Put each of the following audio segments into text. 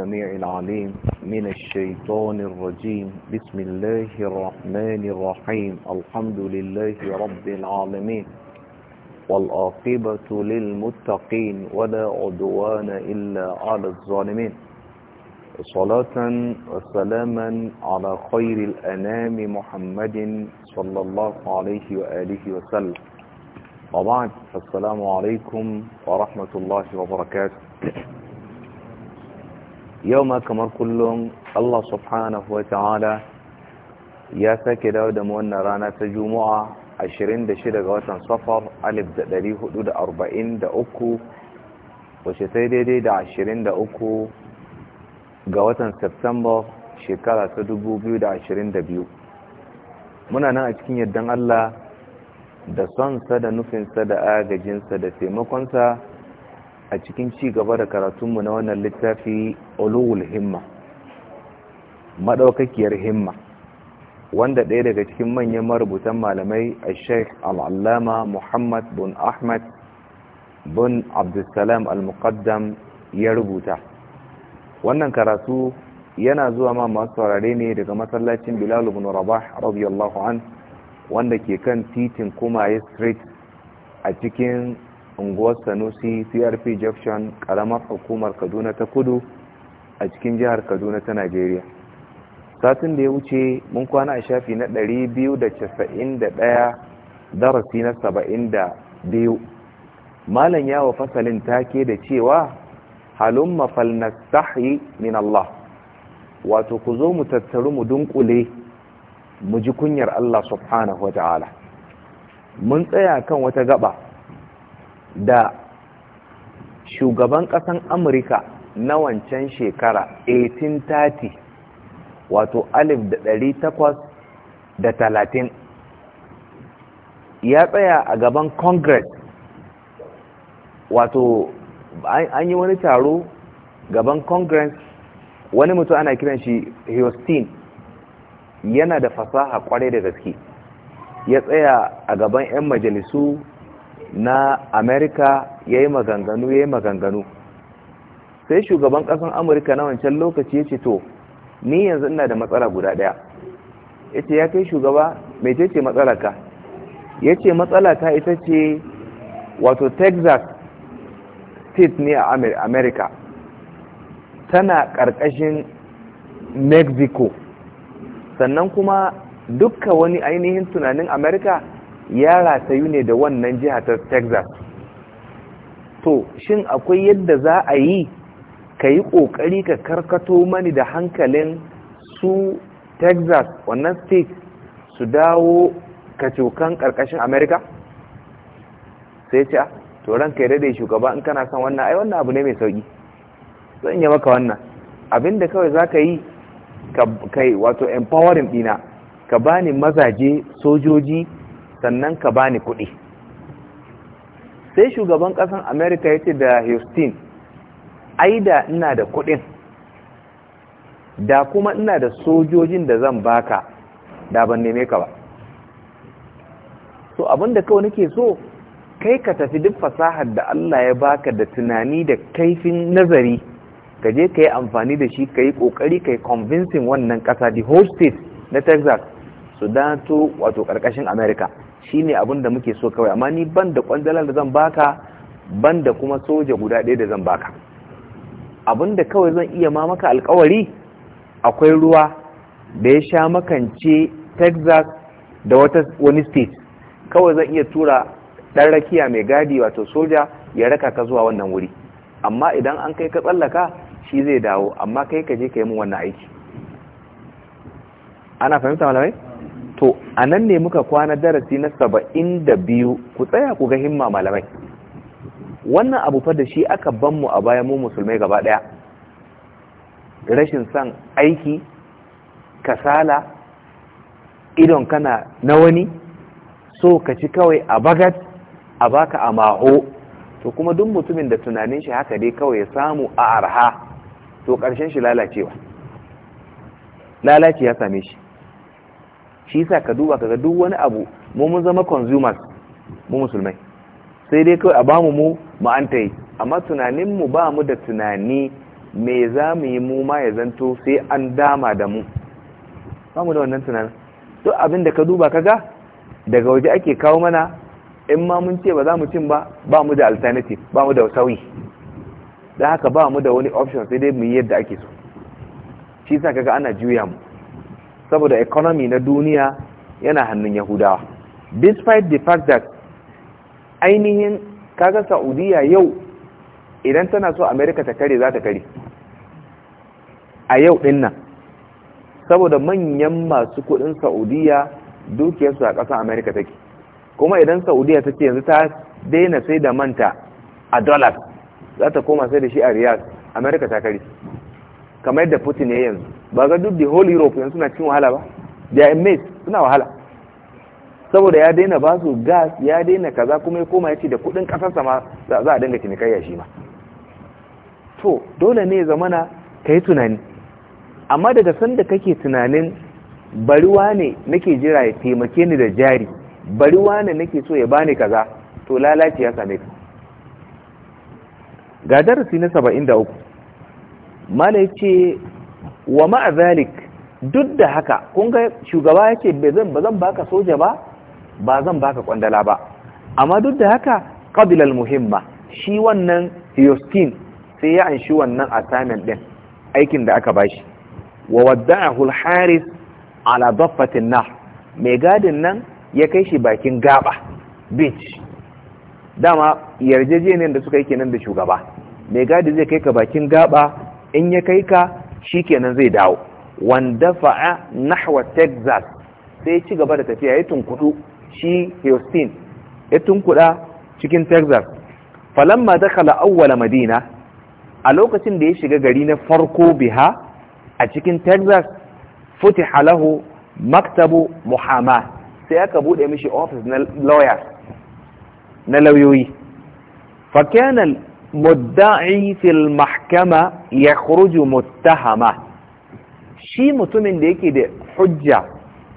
السميع العليم من الشيطان الرجيم بسم الله الرحمن الرحيم الحمد لله رب العالمين والآقبة للمتقين ولا عدوان إلا على الظالمين صلاة وسلاما على خير الأنام محمد صلى الله عليه وآله وسلم وبعد السلام عليكم ورحمة الله وبركاته yau ma kamar kullum Allah subhanahu wa ta'ala ya sake dawo da wannan rana ta juma'a 26 ga watan safar 1443 wace sai daidai da 23 ga watan september shekara ta 2022 muna nan a cikin yardan Allah da sonsa da nufinsa da agajinsa da taimakonsa a cikin ci gaba da karatunmu na wannan littafi ulul himma madaukakiyar himma wanda ɗaya daga cikin manyan marubutan malamai a sheikh al'allama muhammad bin ahmad bin abdulsalam al-muqaddam ya rubuta wannan karatu yana zuwa ma masu saurare ne daga masallacin bilal ibn rabah radiyallahu an wanda ke kan titin kumaye street a cikin unguwar sanusi CRP junction karamar hukumar kaduna ta kudu a cikin jihar kaduna ta najeriya satin da ya wuce mun kwana a shafi na 291 darasi na 72 malam yawa fasalin take da cewa halun sahi, min Allah wato ku zo mu tattaru mu dunkule mu ji kunyar Allah subhanahu wa ta'ala mun tsaya kan wata gaba da shugaban ƙasan amurka na wancan shekara 1830 wato 1830 ya tsaya a gaban congress wato an yi wani taro gaban congress wani mutum ana kiran shi houston yana da fasaha kwarai da gaske ya tsaya a gaban 'yan majalisu na amerika ya yi maganganu ya yi maganganu sai shugaban kasan amurka na wancan lokaci ya ce to ni yanzu ina da matsala guda daya ya ce ya kai shugaba mai ce ce matsalaka ya ce matsalaka ita ce wato texas state ne a Amerika. tana ƙarƙashin mexico sannan kuma dukka wani ainihin tunanin Amerika? ya ratayu ne da wannan jiha ta texas to shin akwai yadda za a yi ka yi ƙoƙari ka karkato mani da hankalin su texas wannan state su dawo kacokan ƙarƙashin america sai ce to ranka ya dai shugaba in kana son wannan ai wannan abu ne mai sauƙi zan yi maka wannan abinda kawai za ka yi ka kai wato empowering ɗina ka bani mazaje sojoji sannan ka bani kuɗi sai shugaban ƙasan amerika ya ce da houston ai da ina da kuɗin da kuma ina da sojojin da zan baka da ban neme ka ba so abinda kawai nake so kai ka tafi duk fasahar da Allah ya baka da tunani da kaifin nazari ka je ka yi amfani da shi ka yi ƙoƙari ka yi convincing wannan ƙasa the host state na texas su dato wato ƙarƙashin america Shi ne abin da muke so kawai amma ni ban da kwanzalar da zan baka ban da kuma soja guda ɗaya da zan baka abin da kawai zan iya ma maka alkawari akwai ruwa da ya sha makance texas da wata wani state kawai zan iya tura ɗan rakiya mai gadi wato soja ya raka ka zuwa wannan wuri amma idan an kai ka tsallaka shi zai dawo amma kai ka je ka yi mun wannan aiki ana fahimta malamai to a nan ne muka kwana darasi na saba'in da biyu ku tsaya ku ga himma malamai wannan abu fa da shi aka ban mu a baya mu musulmai gaba ɗaya rashin son aiki kasala idon kana na wani so ka ci kawai a bagat a baka a maho to kuma duk mutumin da tunanin shi haka dai kawai ya samu a arha to karshen shi lalacewa Lalaci ya same shi shi yasa ka duba kaga duk wani abu mu mun zama consumers mu musulmai sai dai kawai a bamu mu mu an amma tunanin mu ba mu da tunani me za mu yi mu ma ya zanto sai an dama da mu ba mu da wannan tunanin to abin da ka duba kaga daga waje ake kawo mana in ma mun ce ba za mu cin ba ba mu da alternative ba mu da sauyi da haka ba mu da wani option sai dai mu yi yadda ake so shi sa kaga ana juya mu saboda economy na duniya yana hannun yahudawa despite the fact that ainihin kaga saudiya yau idan tana so america ta kare za ta kare a yau din nan saboda manyan masu kudin saudiya dukiyarsu a ƙasar america take kuma idan saudiya ta ce yanzu ta daina sai da manta a dollar za ta koma sai da shi a riyal america ta kare kamar yadda putin ya yanzu ba ga duk da whole europe yanzu suna cin wahala ba they are suna wahala saboda ya daina ba su gas ya daina kaza kuma ya koma ya ce da kudin kasarsa sama za a dinga cinikayya shi ma to dole ne zamana ka yi tunani amma daga sanda kake tunanin bariwa ne nake jira ya taimake ni da jari bariwa ne nake so ya bani kaza to lalaci ya same ka ga darasi na 73 mala ya ce wa ma'azalik duk da haka kun ga shugaba yake ba zan ba zan baka soja ba ba zan baka kwandala ba amma duk da haka qabilal muhimma shi wannan hioskin sai ya anshi wannan assignment ɗin, aikin da aka bashi wa wadda'ahu al-haris ala daffatin nah mai gadin nan ya kai shi bakin gaba beach dama yarjejeniyar da suka yi kenan da shugaba mai gadi zai kai ka bakin gaba in ya kai ka shikenan zai dawo wanda fa'a nahwa texas sai ci gaba da tafiya ya tunkudu shi houston ya tunkuda cikin texas falamma dakala awwala madina a lokacin da ya shiga gari na farko biha a cikin texas futi halahu maktabu muhammad sai aka bude mishi office na lawyers na lauyoyi fakanan mudda'i fil mahkama ya khuruju muttahama shi mutumin da yake da hujja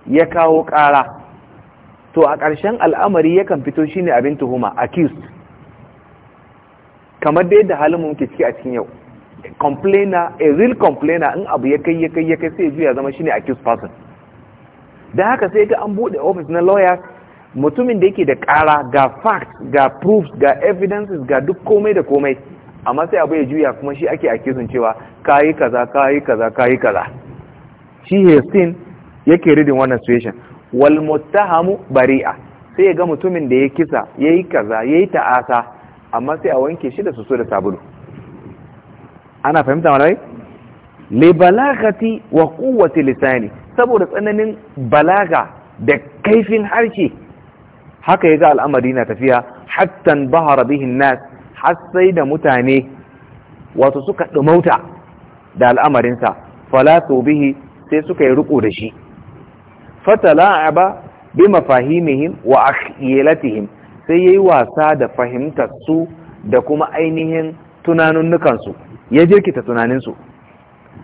ya kawo ƙara to a ƙarshen al'amari yakan fito shi ne abin tuhuma accused kamar dai da halin muke ciki a cikin yau complainer a real complainer in abu ya kai ya kai ya kai sai ya zama shine accused person da haka sai ga an buɗe office na lawyers mutumin da yake da ƙara ga facts ga proofs ga evidences ga duk komai da komai amma sai abu ya juya kuma shi ake akisun cewa kayi kaza kayi kaza kayi kaza shi hastin yake ridin wannan situation wal muttahamu bari'a sai ya ga mutumin da ya kisa ya yayi kaza yi ta'asa amma sai a wanke shi da soso da sabulu ana fahimta malai li balagati wa kowace lisani saboda tsananin balaga da kaifin harshe haka ya ga al'amari na tafiya hattan bahara bihin nas har sai da mutane wasu suka dumauta da al'amarinsa falato bihi sai suka yi riko da shi fatala aba bi mafahimihim wa akhilatihim sai yayi wasa da fahimtar su da kuma ainihin tunanunnukan su ya jirkita tunanin su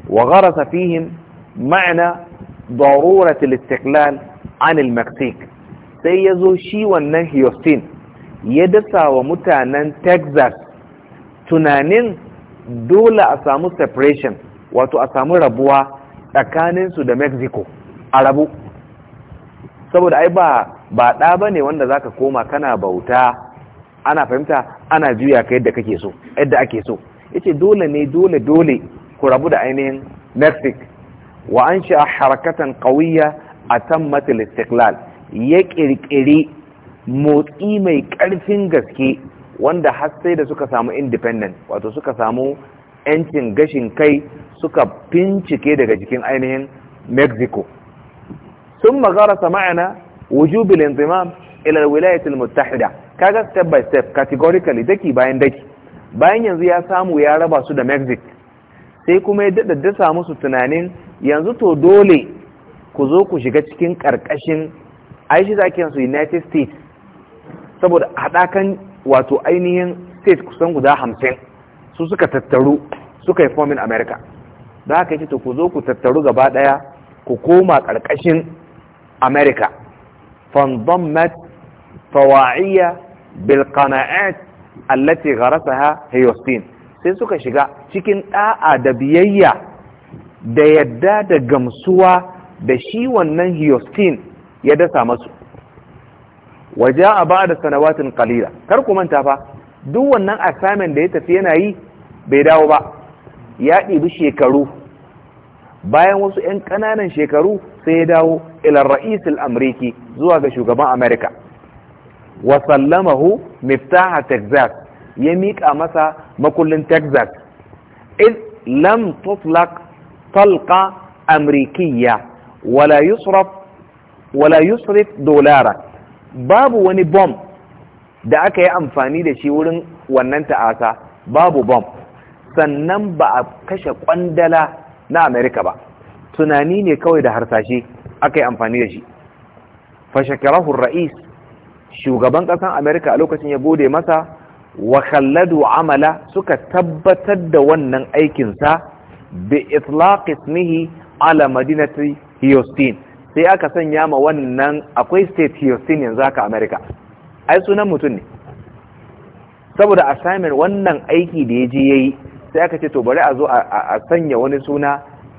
wa gharasa fihim ma'na darurat al-istiqlal an al sai ya zo shi wannan houston ya dasa wa mutanen texas tunanin dole a samu separation wato a samu rabuwa tsakaninsu da mexico a rabu saboda ai ba ɗa ba ne wanda zaka koma kana bauta ana fahimta ana juya ka yadda kake so yadda ake so yace dole ne dole dole ku rabu da ainihin mexico wa an sha harkatan kawiyya a al istiklal ya ƙirƙiri motsi mai ƙarfin gaske wanda har sai da suka samu independent wato suka samu 'yancin gashin kai suka bincike daga jikin ainihin mexico sun magara sama'ana wujubil inzimam ila wilayatul muttahida kaga step by step categorically daki bayan daki bayan yanzu ya samu ya raba su da mexico sai kuma ya samu su tunanin yanzu to dole ku zo ku shiga cikin ƙarƙashin a yi shi za su united states saboda haɗakan wato ainihin state kusan guda hamsin su suka tattaru suka yi fomin america da haka ce ta ku zo ku tattaru gaba ɗaya ku koma ƙarƙashin america فانضمت فواعية ga rasa ha hayostin sai suka shiga cikin ɗa'a da biyayya da yadda da gamsuwa da shi wannan hayostin ya dasa masu waje a ba da sanawatin kalila kar ku manta fa duk wannan assignment da ya tafi yana yi bai dawo ba ya ɗibi shekaru bayan wasu 'yan ƙananan shekaru sai ya dawo ilar ra'isul amriki zuwa ga shugaban america wa sallamahu miftaha texas ya miƙa masa makullin texas id lam tuflaq talqa amrikiya wala yusraf wala yusrif dolara babu wani bom da aka yi amfani da shi wurin wannan ta'asa babu bom sannan ba a kashe kwandala na amerika ba tunani ne kawai da harsashe aka yi amfani da shi fashakarahun ra'is shugaban ƙasan amerika a lokacin ya gode masa wa kalladu amala suka tabbatar da wannan aikinsa bi itlaq ismihi ala madinati houston sai aka sanya ma wannan akwai state houston yanzu haka america ai sunan mutum ne saboda assignment wannan aiki da ya je ya yi sai aka ce to bari a zo a sanya wani suna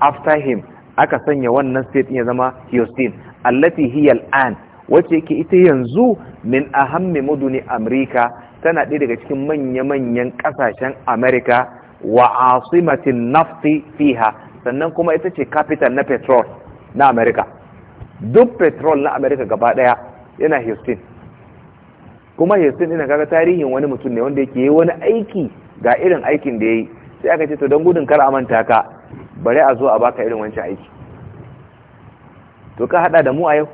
after him aka sanya wannan state ya zama houston allafi hiya an wacce yake ita yanzu min ahammi muduni amerika tana ɗaya daga cikin manya-manyan ƙasashen amerika wa asimatin nafti fiha sannan kuma ita ce capital na petrol na amerika duk petrol na america gaba daya yana houston kuma houston ina kaga tarihin wani mutum ne wanda yake yi wani aiki ga irin aikin da ya yi sai aka ce to don gudun kar a manta ka bari a zo a baka irin wancan aiki to ka hada da mu a yau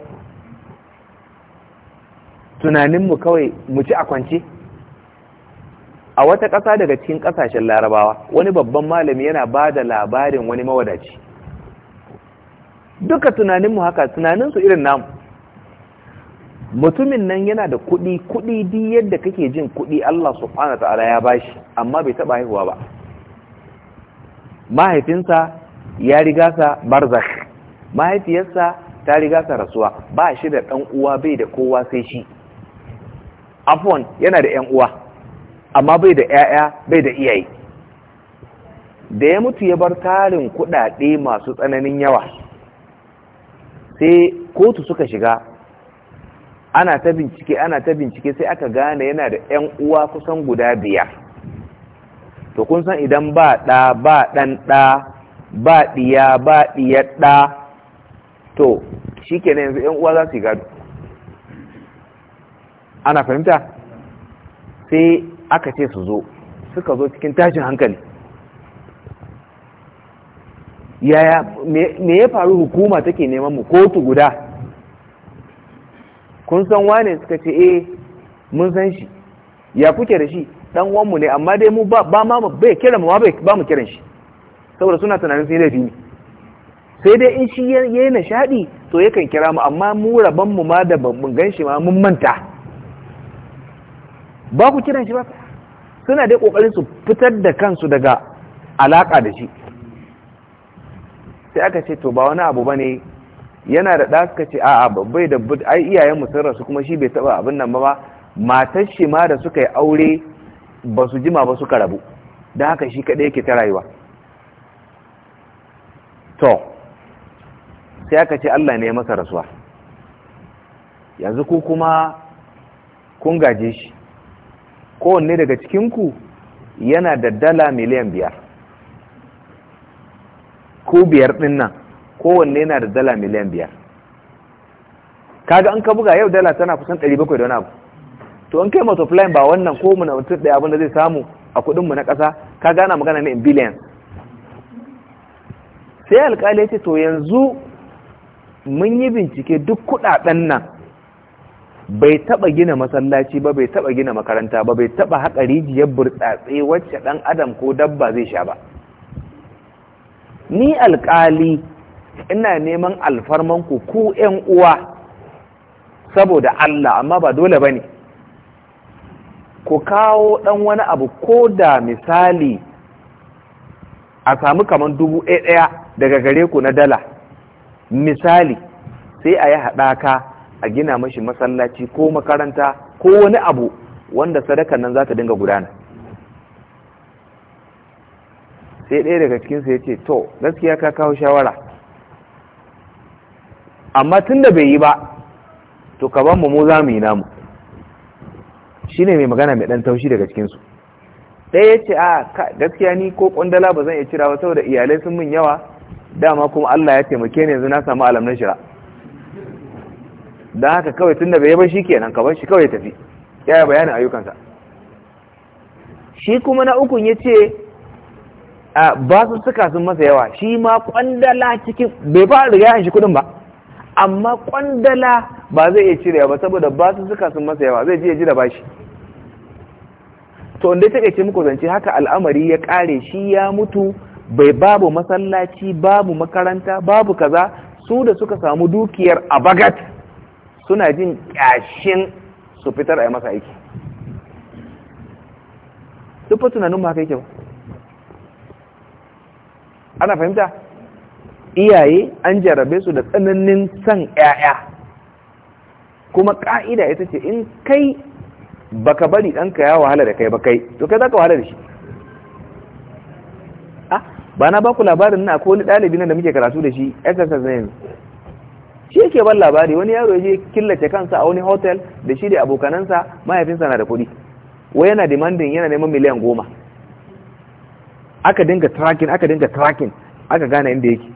tunaninmu kawai mu ci a kwance a wata ƙasa daga cikin ƙasashen larabawa wani babban malami yana ba da labarin wani mawadaci duka tunaninmu haka tunaninsu irin namu mutumin nan yana da kuɗi kuɗi di yadda kake jin kuɗi Allah subhanahu ta'ala ya bashi amma bai taɓa haihuwa ba mahaifinsa ya riga sa barzakh mahaifiyarsa ta riga sa rasuwa ba shi da ɗan uwa bai da kowa sai shi Afon yana da ƴan uwa amma bai da ƴaƴa bai da iyaye da ya mutu ya bar tarin kuɗaɗe masu tsananin yawa sai kotu suka shiga ana ta bincike ana ta bincike sai aka gane yana da 'yan uwa kusan guda biyar to kun san idan ba ɗa ba ɗan ɗa ba ɗiya ba ɗiyar ɗa to shi yanzu 'yan uwa za su yi gado ana fahimta sai aka ce su zo suka zo cikin tashin hankali yaya me ya faru hukuma take neman mu kotu guda kun san wane suka ce eh mun san shi ya kuke da shi dan uwanmu ne amma dai mu ba ma bai kira mu ba mu kiran shi saboda suna tunanin sai laifi ne sai dai in shi ya yayi nishadi to yakan kira mu amma mu raban mu ma da ban gan shi ma mun manta ba ku kiran shi ba suna dai kokarin su fitar da kansu daga alaka da shi sai aka ce to ba wani abu bane yana da ɗa suka ce a'a babbai da ai iyayen mu sun rasu kuma shi bai taba abin nan ba matar shi ma da suka yi aure ba su jima ba suka rabu don haka shi kaɗai yake ta rayuwa to sai aka ce Allah ne masa rasuwa yanzu ku kuma kun gaje shi kowanne daga cikinku yana da dala miliyan biyar ko biyar ɗin nan kowanne yana da dala miliyan biyar kaga an ka buga yau dala tana kusan ɗari bakwai da wani abu to an kai multiplying ba wannan ko mu na mutum ɗaya abin da zai samu a kuɗin mu na ƙasa ka gana magana ne in sai alƙali ya ce to yanzu mun yi bincike duk kuɗaɗen nan bai taɓa gina masallaci ba bai taɓa gina makaranta ba bai taɓa haƙa rijiyar burtsatse wacce ɗan adam ko dabba zai sha ba ni alƙali ina neman alfarman ku ku ƴan uwa saboda Allah amma ba dole bane ku kawo ɗan wani abu ko da misali a samu kamar dubu ɗaya daga gare ku na dala misali sai a yi haɗaka a gina mashi masallaci ko makaranta ko wani abu wanda sadakan nan za ta dinga gudana sai ɗaya daga cikinsu ya ce to gaskiya ka kawo shawara amma tun da bai yi ba to ka ban mu mu za mu yi namu shi ne mai magana mai ɗan taushi daga cikinsu ɗaya ya ce a gaskiya ni ko ƙwandala ba zan iya cira ba saboda iyalai sun min yawa dama kuma Allah ya taimake ni yanzu na samu alam na shira don haka kawai tun da bai yi ba shi kenan ka bar shi kawai tafi ya yi bayanin ayyukansa shi kuma na ukun ya ce ba su suka sun masa yawa shi ma kwandala cikin bai fara riga shi kudin ba amma kwandala ba zai iya cire ba saboda ba su suka sun masa yawa zai ji ya ji da bashi to inda ta ce muku zance haka al'amari ya kare shi ya mutu bai babu masallaci babu makaranta babu kaza su da suka samu dukiyar abagat, bagat suna jin kyashin su fitar a yi masa aiki duk fa tunanin ba haka ke ba ana fahimta iyaye an jarabe su da tsananin son 'ya'ya kuma ka'ida ita ce in kai baka bari ɗanka ya wahala da kai ba kai to kai za ka wahala da shi ah, ba na baku labarin na ko wani ɗalibi nan da muke karatu da shi exercise ne shi yake ban labari wani yaro je killace kansa a wani hotel da shi da abokanansa mahaifinsa na da kuɗi wai yana demanding yana neman miliyan goma aka dinga tracking aka dinga tracking aka gane inda yake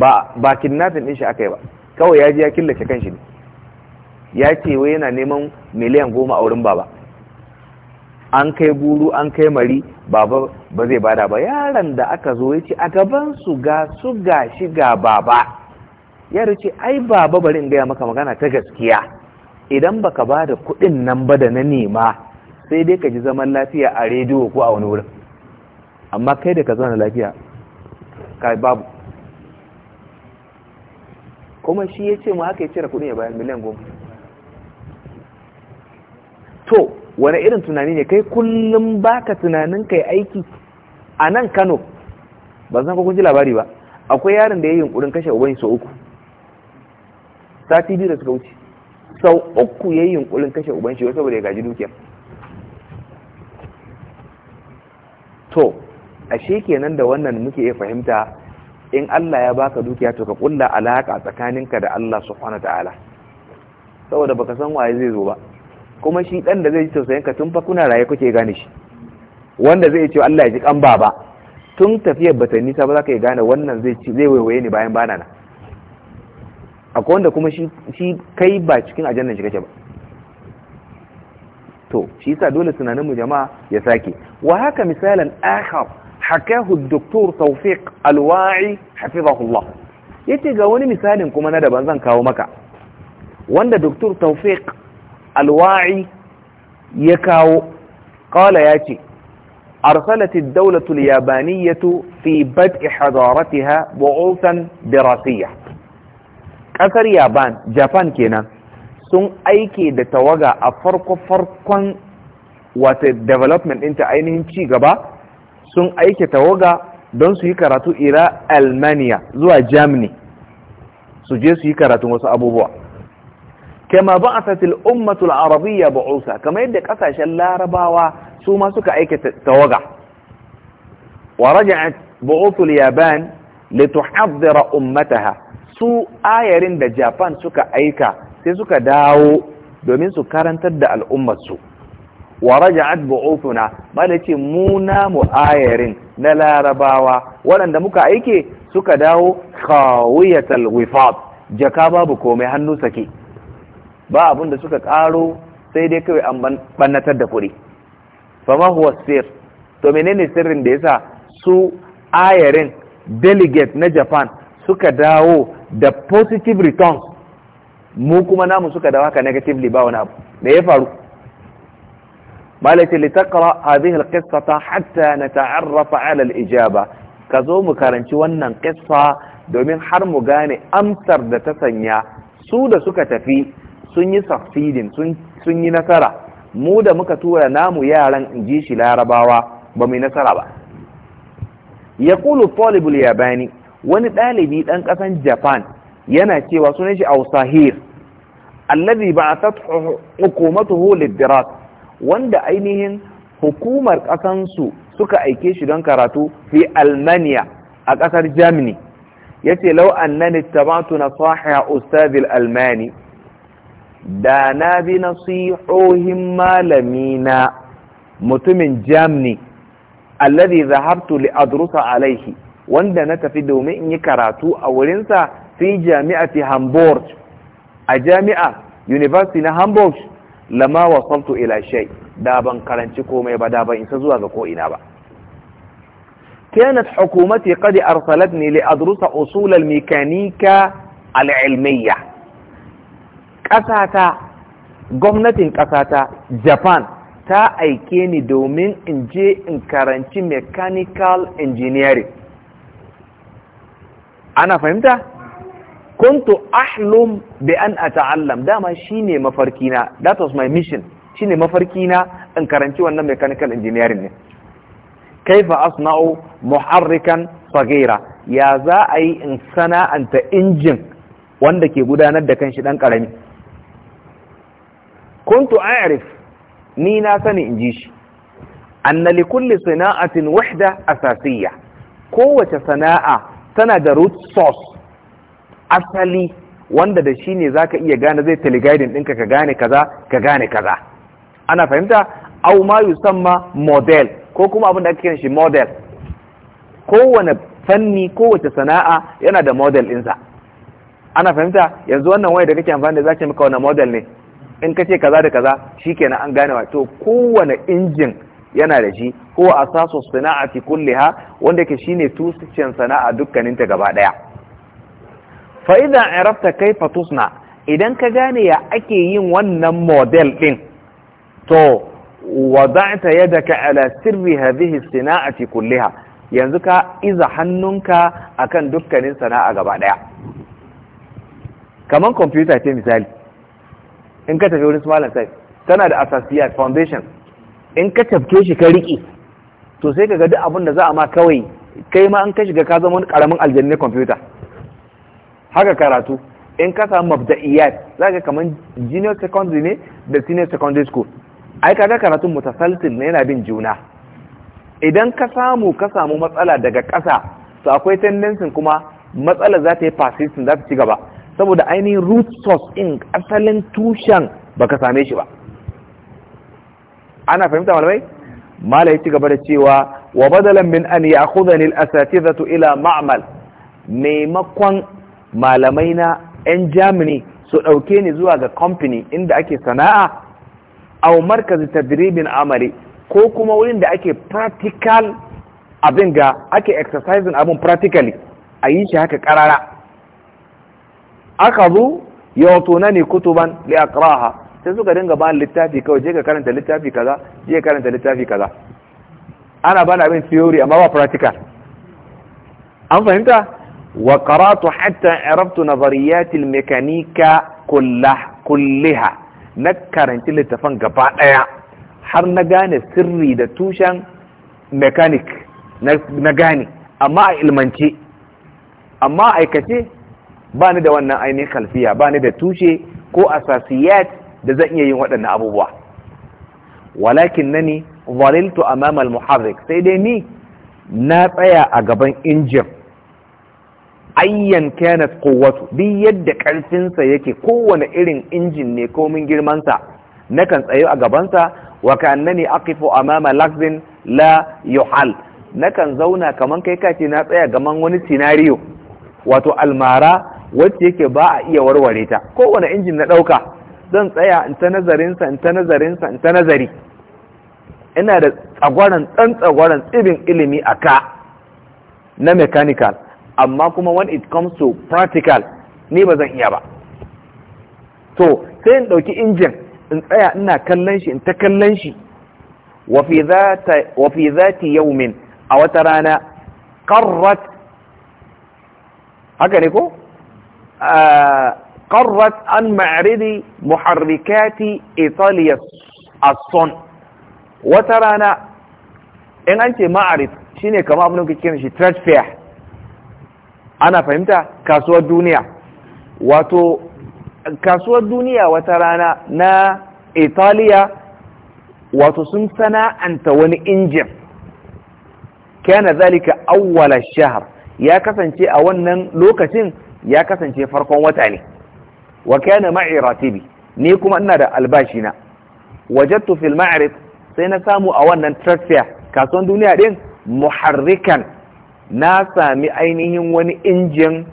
ba ba kidnapping din shi aka yi ba kawai ya ji ya killace kanshi ne ya ce wai yana neman miliyan goma a wurin baba an kai guru an kai mari baba ba zai bada ba yaron da aka zo ya ce a gaban su ga su ga shi ga baba Ya ce ai baba bari in gaya maka magana ta gaskiya idan baka bada kuɗin nan ba da na nema sai dai ka ji zaman lafiya a rediyo ko a wani wurin amma kai da ka zauna lafiya kai babu kuma shi ya ce mu haka ya cire kudin ya bayan miliyan goma to wani irin tunani ne kai kullum baka tunanin kai aiki a nan kano ba zan kun ji labari ba akwai yaron da ya yi yunkurin kashe uban sau uku sati biyu da suka wuce sau uku ya yi yunkurin kashe uban shi saboda ya gaji dukiya to ashe kenan da wannan muke iya fahimta in Allah ya baka dukiya to ka kulla alaka tsakaninka da Allah subhanahu ta'ala saboda baka san waye zai zo ba kuma shi dan da zai ji tausayin ka tun fa kuna raye kuke gane shi wanda zai ce Allah ya ji kan baba tun tafiyar bata nisa ba za ka gane wannan zai ci zai waiwaye ni bayan bana na akwai wanda kuma shi kai ba cikin ajannan shi kake ba to shi yasa dole tunanin mu jama'a ya sake wa haka misalan akhar hakahu doktor tawfiq alwa'i hafizahullah yace ga wani misalin kuma na daban zan kawo maka wanda doktor tawfiq alwa'i ya kawo qala yace أرسلت الدولة اليابانية في بدء حضارتها بعوثا دراسية ƙasar yaban japan kenan sun aike da tawaga a farko-farkon wata development ɗinta ainihin ci gaba sun aike tawaga don su yi karatu ira almania zuwa germany su je su yi karatun wasu abubuwa kama ba a satil ummatul arabiyya ba'usa kama yadda kasashen larabawa su ma suka aike tawaga wa raja'at ba'usul yaban lituhaddira ummataha su ayarin da japan suka aika sai suka dawo domin su karantar da al'ummarsu su wa raja'at ba da ce mu namu ayarin na larabawa waɗanda muka aike suka dawo kawuyatal wifat jaka babu komai hannu sake ba abin da suka karo sai dai kawai an bannatar da kuɗi fama huwa sir to menene sirrin da yasa su ayarin delegate na japan suka dawo da positive returns mu kuma namu suka dawo haka negatively ba wani abu me ya faru malaka litaqra hadhihi alqissata hatta nata'arrafa ala alijaba ka zo mu karanci wannan qissa domin har mu gane amsar da ta sanya su da suka tafi sun yi succeeding sun yi nasara mu da muka tura namu yaran in ji shi larabawa ba mu yi nasara ba ya kulu polybul wani ɗalibi ɗan kasan japan yana cewa sunan shi ausahir allazi ba a hukumatu wanda ainihin hukumar kasansu suka aike shi don karatu fi almaniya a ƙasar germany ya ce lau annani tabatu na sahiha ustazil almani da na bi nasihohin malami na mutumin germany alladhi zahabtu li adrusa alaihi wanda na tafi domin in yi karatu a wurinsa fi jami'ati hamburg a jami'a university na hamburg lama wasaltu ila shay da ban karanci komai ba da ban isa zuwa ga ko ina ba كانت ne la أرسلتني لأدرس mekanika al العلمية ƙasata gwamnatin ƙasata japan ta aike ni domin in je in karanci mechanical engineering ana fahimta kuntu ahlum bi an ata'allam dama shine mafarkina that was my mission shine na in karanci wannan mechanical engineering ne kaifa asna'u muharrikan saghira ya za a yi in sana'anta injin wanda ke gudanar da kanshi dan karami kuntu a'rif ni na sani in ji shi anna li kulli sana'atin wahda asasiyya kowace sana'a tana da root source asali wanda da shi ne za ka iya gane zai teleguiding ɗinka ka gane kaza ka gane kaza ana fahimta au ma yusamma model ko kuma abin da ake kiran shi model kowane fanni kowace sana'a yana da model ɗinsa ana fahimta yanzu wannan waya da kake amfani da za ce maka wani model ne in ka ce kaza da kaza shikenan an gane wa to kowane injin yana da shi ko asasu sana'ati kulliha wanda yake shine tusicin sana'a dukkaninta gaba daya fa idza arafta kaifa tusna idan ka gane ya ake yin wannan model din to wada'ta yadaka ala sirri hadhihi sana'ati kulliha yanzu ka iza hannunka akan dukkanin sana'a gaba daya kaman computer ce misali in ka tafi wurin malam sai tana da associate foundation in ka tafke shi ka riƙe to sai ka ga duk abin da za a ma kawai kai ma an ka shiga ka zama wani karamin aljanne computer haka karatu in ka samu mabda'iyat za ka kamar junior secondary ne da senior secondary school ai kaga karatun mutasaltin ne yana bin juna idan ka samu ka samu matsala daga ƙasa to akwai tendensin kuma matsala za ta yi persistent za ta ci gaba saboda ainihin root source in asalin tushen baka same shi ba ana fahimta malamai malai ci gaba da cewa wa badalan min an ya'khudhani al asatizatu ila ma'mal maimakon malamai na 'yan germany su ɗauke ni zuwa ga company inda ake sana'a au markazi tadribin amari. ko kuma wurin da ake practical abin ga ake exercising abin practically a yi shi haka karara aka zo ya wato na ne kutuban liyakraha sai suka dinga ba littafi kawai je ka karanta littafi kaza je karanta littafi kaza ana bana abin theory amma ba practical an fahimta وقرأت حتى عرفت نظريات الميكانيكا كلها كلها نكرنت لتفن gaba daya har na gane sirri da tushen mechanic na gane amma a ilmance amma aikace ba ni da wannan ainihin kalfiya ba ni da tushe ko asasiyat da zan iya yin waɗannan abubuwa walakin nani zaliltu amama al-muharrik sai dai ni na tsaya a gaban injin ayyan kenneth quwwatu bi yadda karfinsa yake kowane irin injin ne komin girmansa nakan tsayo a gabansa wa kannani aqifu amama laxin la na nakan zauna kamar kai kace na tsaya gaman wani sinariyo wato almara wacce yake ba a iya warware ta kowane injin na ɗauka? zan tsaya in ta nazarin in ta nazarinsa in ta nazari ina da tsagwaran ɗan tsagwaran tsibin ilimi a ka? na mechanical amma kuma when it comes to practical ni ba zan iya ba to sai in ɗauki injin in tsaya ina kallon shi in ta kallon shi wa fi zati yaumin a wata rana qarrat haka ne ko ah, qarrat an ma'ridi muharrikati italiya asson wata rana in an ce ma'arid shine kamar abin da kike kiran shi trade ana fahimta kasuwar duniya wato kasuwar duniya wata rana na italiya wato sun sana'anta wani injin kana zalika awwala shahar ya kasance a wannan lokacin ya kasance farkon wata ne wa kana ni kuma ina da albashi na wajadtu fil ma'rif sai na samu a wannan trade kasuwan duniya din muharrikan na sami ainihin wani injin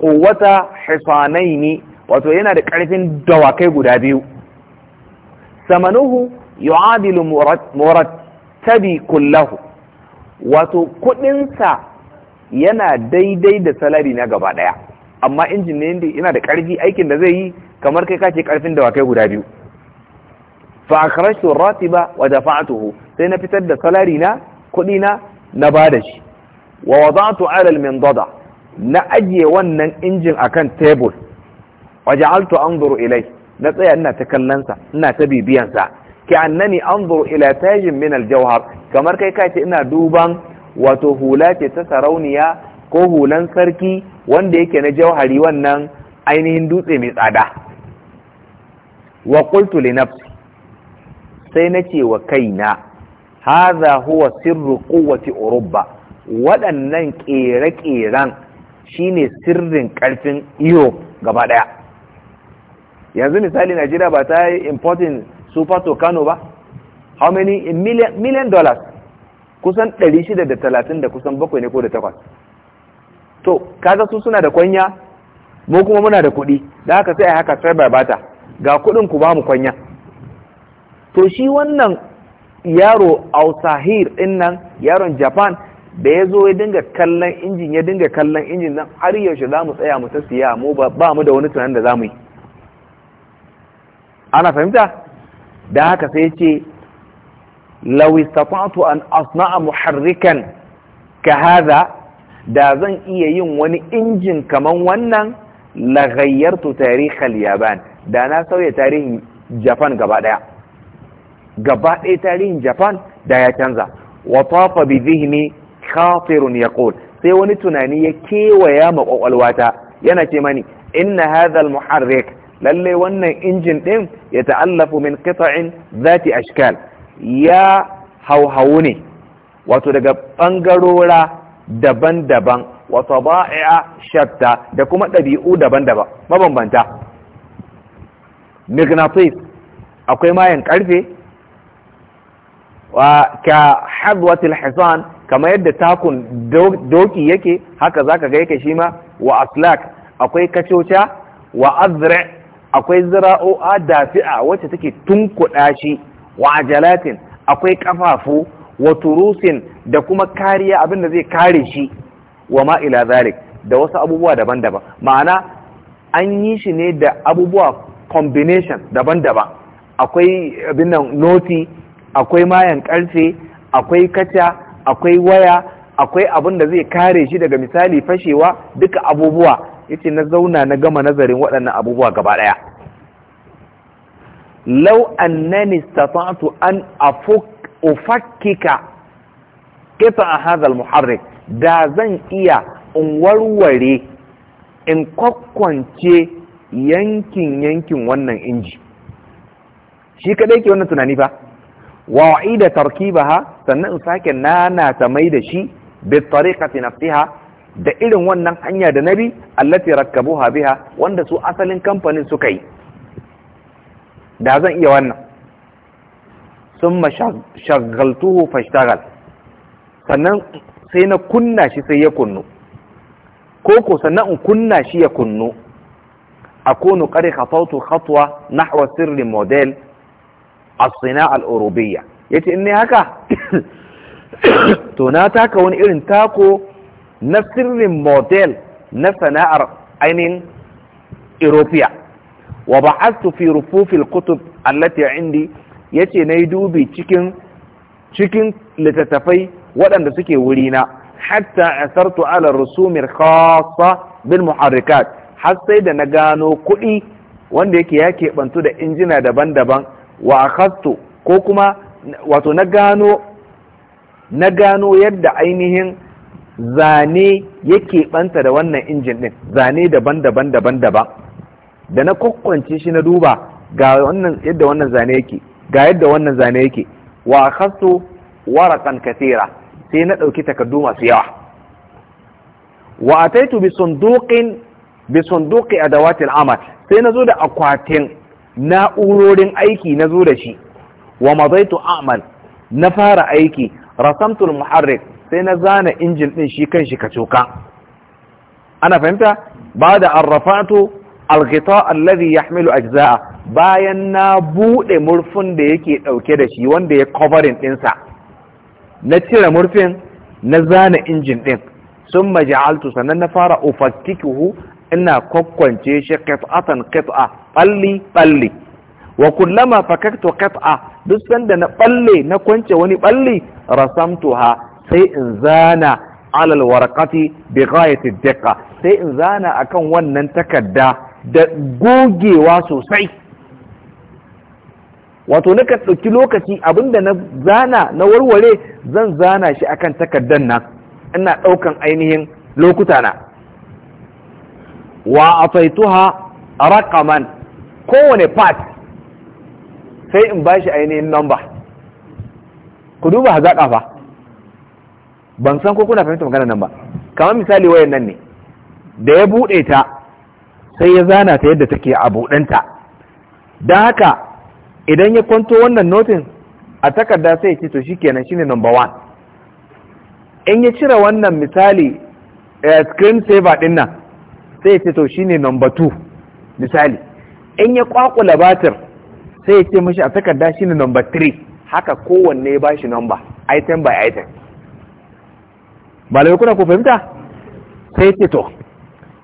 kowata hisanai ne wato yana da ƙarfin dawakai guda biyu samanuhu yu'adilu tabi kullahu wato kuɗinsa yana daidai da salari na gaba ɗaya amma injin ne yana da ƙarfi aikin da zai yi kamar kai kace ƙarfin dawakai guda biyu fa akhrajtu ratiba wa dafa'tuhu sai na fitar da salari na kuɗi na na ba da shi wa wadatu ala al na ajiye wannan injin akan tebur waja'altu anzuru ilai na tsaya ina ta kallansa sa ina ta bibiyan sa ki annani anzuru ila tajin min al kamar kai kace ina duban wato hula ce ta sarauniya ko hulan sarki wanda yake na jauhari wannan ainihin dutse mai tsada wa qultu li nafsi sai nace wa kaina haza huwa sirru quwwati uruba waɗannan ƙere-ƙeren shine sirrin ƙarfin iyo gaba ɗaya yanzu misali najeriya ba ta yi importing super Kano ba how many million, million dollars kusan 630 da kusan 7 ne ko da 8 to kaga su suna da kwanya mu kuma muna da kuɗi da haka sai a haka sai bata ga kuɗin ku ba mu kwanya to shi wannan yaro ausahir din nan yaron japan da ya zo ya dinga kallon injin ya dinga kallon injin nan har yaushe za mu tsaya mu ta siya mu ba mu da wani tunanin da za mu yi ana fahimta da haka sai ce law istata'tu an asna'a muharrikan ka da zan iya yin wani injin kamar wannan la ghayyartu tarikh al-yaban da na sauya tarihin japan gaba daya gaba ɗaya tarihin japan da ya canza wa tafa bi zihni kafirun yaqul sai wani tunani ya kewaya ma yana ce mani inna hadha muharrik lalle wannan injin din ya ta'allafu min qita'in zati ashkal ya hauhawu ne wato daga bangarora daban-daban wa taba'a shatta da kuma ɗabi'u daban-daban mabambanta mignatis akwai mayan karfe ka hadwatil hisan kamar yadda takun doki yake haka zaka ga yake shi ma wa aslak akwai kacoca wa azra akwai zira'o'a dafi'a wacce take tunkuɗa shi wa ajalatin akwai kafafu wa turusin da kuma kariya abin da zai kare shi wa ma ila zalik da wasu abubuwa daban-daban ma'ana an yi shi ne da abubuwa combination daban-daban akwai abin nan noti akwai mayan karfe akwai kaca akwai waya akwai abin da zai kare shi daga misali fashewa duka abubuwa yace na zauna na gama nazarin waɗannan abubuwa gaba ɗaya law annani an afuk ufakkika a hadha da zan iya in warware in kwakkwance yankin yankin wannan inji shi kadai ke wannan tunani ba. wa tarkibaha sannan in sake nana ta mai da shi bi tariqati nafsiha da irin wannan hanya da nabi allati rakkabuha biha wanda su asalin kamfanin suka yi da zan iya wannan summa shaghaltuhu fashtagal sannan sai na kunna shi sai ya kunnu koko sannan in kunna shi ya kunnu akunu qad khatawtu khatwa nahwa sirri model as-sina al-urubiyya yace in ne haka to na taka wani irin taku na sirrin model na sana'ar ainihin European wa ba'astu fi rufufil kutub allati indi yace nayi dubi cikin cikin littattafai waɗanda suke wurina hatta asartu ala rusumir khassa bil muharrikat har sai da na gano kuɗi wanda yake ya keɓantu da injina daban-daban wa akhadtu ko kuma wato na gano na gano yadda ainihin zane yake banta da wannan injin din zane daban-daban daban-daban da na kokkwance shi na duba ga wannan yadda wannan zane yake ga yadda wannan zane yake wa akhadtu waraqan katira sai na dauki takardu masu yawa wa ataitu bi sunduqin bi sunduqi adawati al-amal sai zo da akwatin na'urorin aiki na zo da shi wa mazaitu a'mal na fara aiki rasamtul muharrik sai na zana injin din shi kan shi kacoka ana fahimta ba da arrafatu alghita alladhi yahmilu ajza'a bayan na bude murfin da yake dauke da shi wanda ya covering dinsa na cire murfin na zana injin din sun maja'altu sannan na fara ufakkikuhu ina kwakwance shi kaf'atan kaf'a, balli balli wa kullama fakaktu kaf'a, duk sanda na balle na kwance wani balli rasamtuha sai in zana ala alwarqati bi ghayati daqqa sai in zana akan wannan takarda da gogewa sosai wato na ka ɗauki lokaci abinda na zana na warware zan zana shi akan takardar nan ina ɗaukan ainihin lokuta na wa ataituha raqaman kowane part sai in bashi ainihin number ku duba hazaƙa fa ban san ko kuna fahimta magana nan ba kamar misali wayan nan ne da ya buɗe ta sai ya zana ta yadda take a buɗanta Da haka idan ya kwanto wannan notin a takarda sai ya ce to shikenan shine number wan. in ya cire wannan misali eh, screen saver ɗin nan sai ya ce to shine number 2 misali in ya kwakula batir sai ya ce mashi a takarda shine number three haka kowanne ya bashi number item by item malamai kuna ku fahimta sai ce to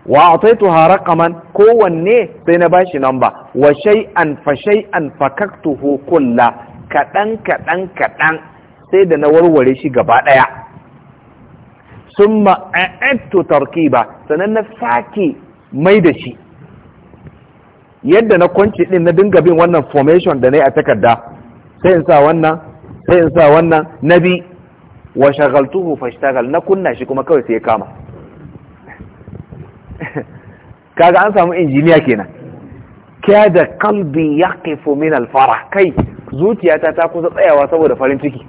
wa hara raqaman kowanne sai na bashi number wa shay'an fa shay'an fakaktuhu kullu kaɗan kaɗan kadan sai da na warware shi gaba daya summa a'adtu tarkiba sannan na sake mai da shi yadda na kwanci din na dinga bin wannan formation da na yi a takarda sai in sa wannan sai in sa wannan na bi wa shagaltuhu fashtagal na kunna shi kuma kawai sai ya kama kaga an samu injiniya kenan kada kalbi yaqifu min alfara kai zuciyata ta kusa tsayawa saboda farin ciki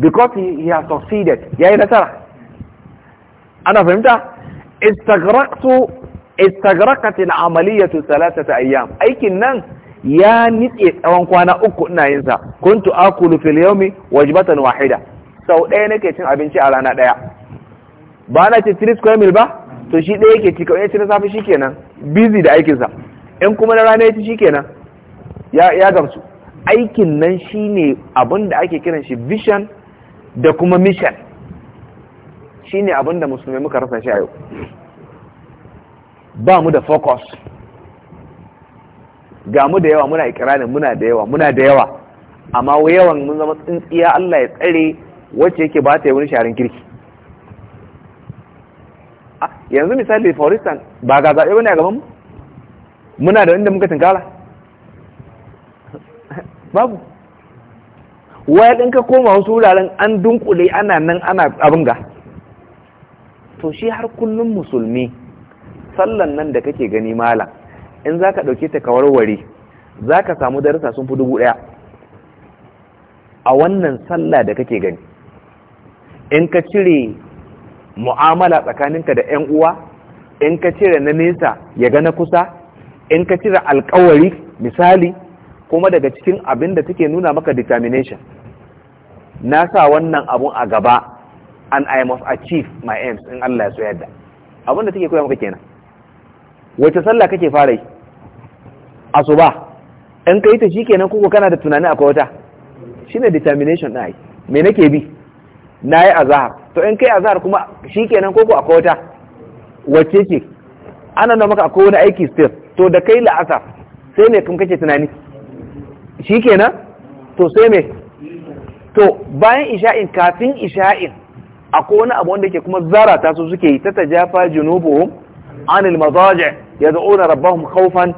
because he, he has succeeded yi nasara ana fahimta istagraqtu istagraqat al-amaliyatu thalathata ayyam aikin nan ya nitse tsawon kwana uku ina yin sa kuntu akulu fil yawmi wajbatan wahida sau ɗaya nake cin abinci a rana daya ba na ce 3 square mil ba to shi ɗaya yake ci kawai ci na shi shikenan busy da aikinsa. sa in kuma na rana ya ci shikenan ya ya gamsu aikin nan shine abin da ake kiran shi vision da kuma mission shine abinda musulmi muka rasa shi a yau ba mu da focus ga mu da yawa muna ikirarin muna da yawa muna da yawa amma yawan mun zama tsintsiya Allah ya tsare wacce yake ba ta yi wani sharin kirki yanzu misali for ba ga zaɓe wani a gaban mu muna da inda muka tinkala babu waya ɗin ka koma wasu wuraren an dunkule ana nan ana abin ga to shi har kullum musulmi sallan nan da kake gani malam in za ka ɗauke ta kawarware za ka samu darasa sun fi dubu ɗaya a wannan sallah da kake gani in ka cire mu'amala tsakaninka da 'yan uwa in ka cire na nesa ya ga na kusa in ka cire alkawari misali kuma daga cikin abin da take nuna maka determination na sa wannan abun a gaba and I must achieve my aims in Allah ya so yadda abin da take koya maka kenan wace sallah kake fara yi asuba in kai ta shikenan koko kana da tunani akwai wata shine determination din ai me nake bi nayi azhar to in kai azhar kuma shikenan koko akwai wata wace ce ana nan maka akwai wani aiki still to da kai la'asar sai me kun kake tunani shikenan to sai me to bayan isha'in kafin isha'in akwai wani abu wanda yake kuma zarata su suke ta tajafa junubuhum anil mazaji yad'una rabbahum khawfan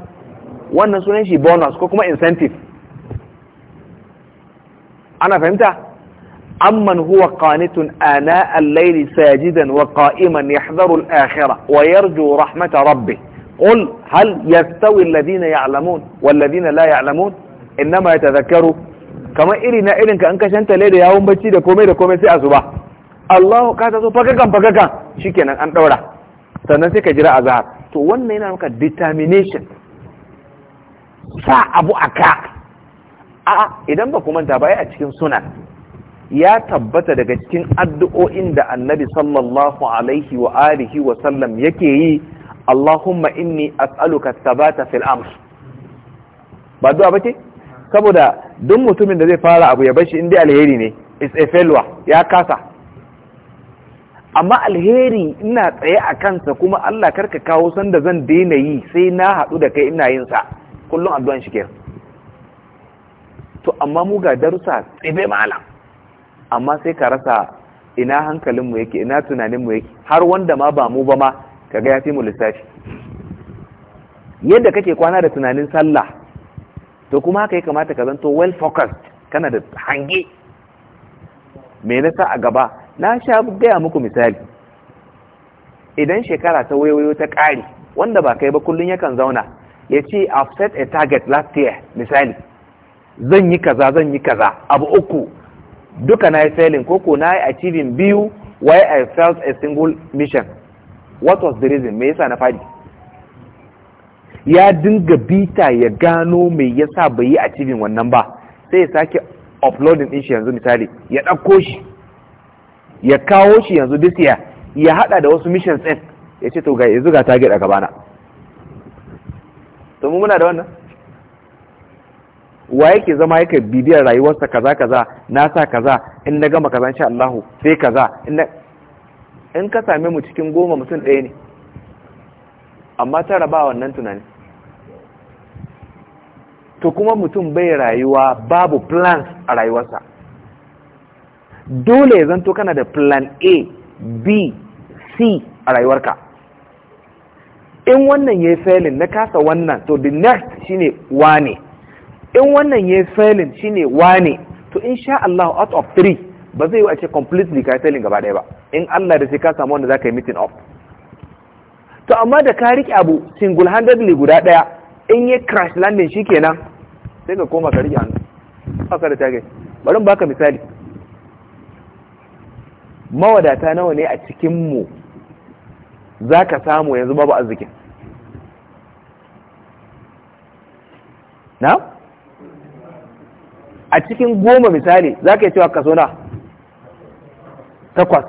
wannan sunan shi bonus ko kuma incentive ana fahimta amman huwa qanitun ana al-layli sajidan wa qa'iman yahdharu al-akhirah wa yarju rahmata rabbih قل هل يستوي الذين يعلمون والذين لا يعلمون إنما يتذكروا kamar iri na irin ka an ka shantale da yawon bacci da komai da komai sai a zuba Allahu ka so fakakan fakakan shikenan an daura sannan sai ka jira azhar to wannan yana maka determination sa abu a ka a idan ba kuma manta bai a cikin suna ya tabbata daga cikin addu'o'in da annabi sallallahu alaihi wa alihi wa sallam yake yi Allahumma inni as'aluka thabata fil amr ba du'a bace saboda duk mutumin da zai fara abu ya bashi inda alheri ne is a failure ya kasa amma alheri ina tsaye a kansa kuma Allah kar ka kawo sanda zan daina yi sai na haɗu da kai ina yin sa kullum addu'an shikir to amma mu ga darussa tsibe malam amma sai ka rasa ina hankalinmu yake ina tunaninmu yake har wanda ma ba mu ba ma kaga ya fi mu lissafi yadda kake kwana da tunanin sallah to kuma haka ya kamata ka zanto well focused kana da hange me nasa a gaba na sha gaya muku misali idan shekara ta wayoyo ta ƙari wanda ba kai ba kullum yakan zauna ya ce i've set a target last year misali zan yi kaza zan yi kaza abu uku duka na yi failing ko na yi achieving biyu why I felt a single mission what was the reason me yasa na fadi ya dinga bita ya gano mai yasa bai yi achieving wannan ba sai ya sake uploading din shi yanzu misali ya ɗauko shi ya kawo shi yanzu this year ya hada da wasu mission set, ya ce to ga yanzu ga target a gabana to mu muna da wannan wa yake zama yake bibiyar rayuwarsa kaza kaza na sa kaza in na gama kaza insha Allah sai kaza in na in ka same mu cikin goma mutum ɗaya ne amma tara ba wannan tunani to kuma mutum bai rayuwa babu plans a rayuwarsa dole ya zanto kana da plan a b c a rayuwarka in wannan ya yi failin na kasa wannan to the next shine wane in wannan ya yi failin shine wane to in sha Allah out of three ba zai yi a ce completely ka yi failin gaba ɗaya ba in Allah da sai ka samu wanda za ka yi meeting up to amma da ka riƙe abu single handedly guda ɗaya in ya crash landing shi kenan sai ka koma ka rike hannu haka da tagai bari ba baka misali mawadata nawa ne a cikinmu za ka samu yanzu babu arzikin na? a cikin goma misali za ka yi cewa kaso na takwas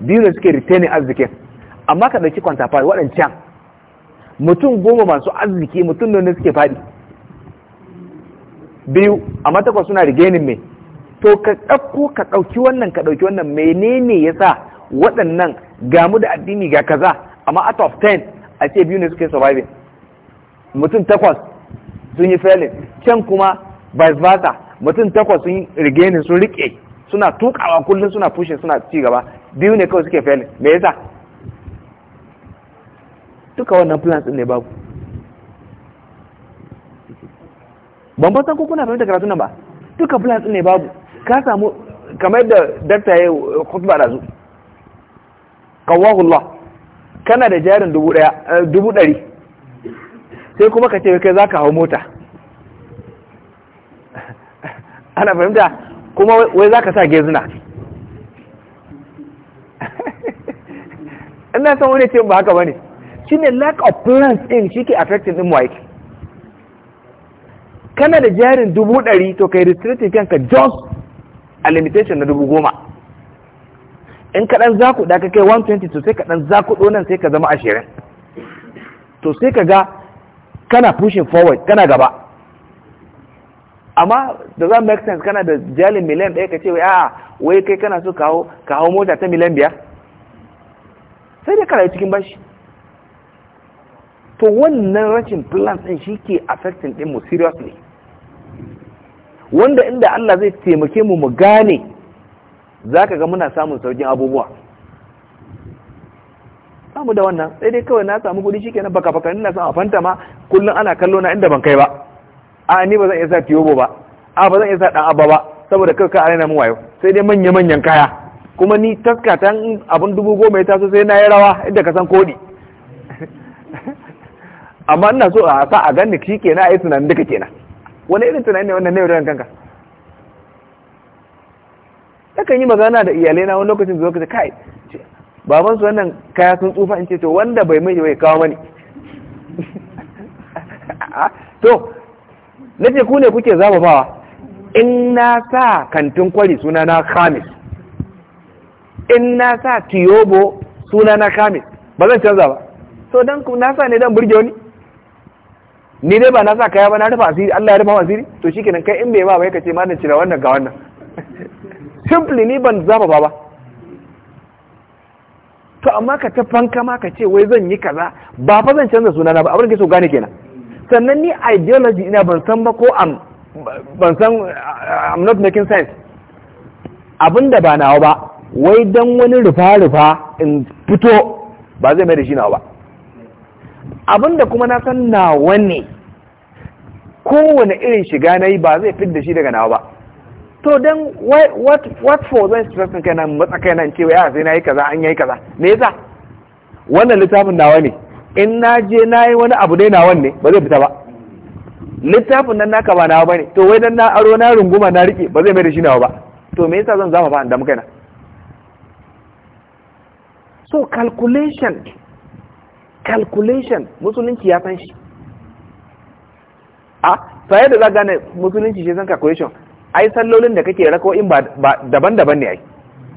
biyu da suke retaining arzikin amma ka ɗauki kwantafari waɗancan mutum goma masu arziki mutum ne suke faɗi biyu amma takwas suna rigenin me to ka ɗauko ka ɗauki wannan ka ɗauki wannan menene ya sa waɗannan gamu da addini ga kaza amma out of ten a ce biyu ne suke surviving mutum takwas sun yi failing can kuma vice versa mutum takwas sun yi rigenin sun riƙe suna tukawa kullum suna fushin suna ci gaba biyu ne kawai suke failing me yasa duka wannan plans ne babu ban fasan ko kuna fahimta karatu nan ba duka plans ne babu ka samu kamar da dakta ya eh, khutba da zu qawwahullah kana da jarin dubu daya eh, dubu dari sai kuma ka ce kai zaka hau mota ana fahimta kuma wai zaka sa gezina ina san wani ce ba haka bane shine lack of plans din shike affecting din mu yake kana da jarin dubu ɗari to kai restricting kanka just a limitation na dubu goma in ka ɗan zaku da ka kai 120 to sai ka ɗan zaku nan sai ka zama ashirin to sai ka ga kana pushing forward kana gaba amma da za make sense kana da jalin miliyan ɗaya ka ce wai a wai kai kana so kawo kawo mota ta miliyan biyar sai dai kana cikin bashi to wannan rashin plan ɗin shi ke affecting ɗin mu seriously wanda inda Allah zai taimake mu mu gane zaka ga muna samun saukin abubuwa samu da wannan sai dai kawai na samu kudi shikenan baka baka ina son a fanta ma kullum ana kallo na inda ban kai ba a ni ba zan iya sa tiyobo ba a ba zan iya sa dan abba ba saboda kai ka arena mun wayo sai dai manya manyan kaya kuma ni taska tan abun dubu goma ya taso sai na yi rawa inda ka san kodi amma ina so a sa a ganni shikenan a yi tunanin duka kenan wani irin tunani ne wannan na yaudaran kanka kan yi magana da iyalai na wani lokacin zuwa kace kai baban su wannan kaya sun tsufa in ce to wanda bai mai bai kawo mani to ce ku ne kuke zababawa in na sa kantin kwari suna na khamis in na sa tiyobo suna na khamis ba zan canza ba so dan na sa ne dan burge wani ni dai ba na sa kaya ba na rufa asiri Allah ya rufa asiri to shikenan kai in bai ba bai kace na cira wannan ga wannan simply ni ban zaba ba ba to amma ka ta fanka ma ka ce wai zan yi kaza ba fa zan canza sunana ba abin da ke so gane kenan sannan ni ideology ina ban san ba ko am ban san am uh, not making sense abin da ba nawa ba wai dan wani rufa rufa in fito ba zai mai da shi nawa ba da kuma na san nawa ne kowane irin shiga na yi ba zai da shi daga nawa ba to don what for zan stress kai nan matsakai nan cewa ya ah, sai na kaza an yi kaza me yasa wannan littafin nawa ne in na je na yi wani abu dai nawa ne ba zai fita ba littafin nan naka ba nawa bane to wai dan na aro na runguma na rike ba zai mai da shi nawa ba to me yasa zan zama ba an damu na? so calculation calculation musulunci ya san shi a sai da za gane musulunci shi san calculation ai sallolin da kake in ba daban-daban ne ai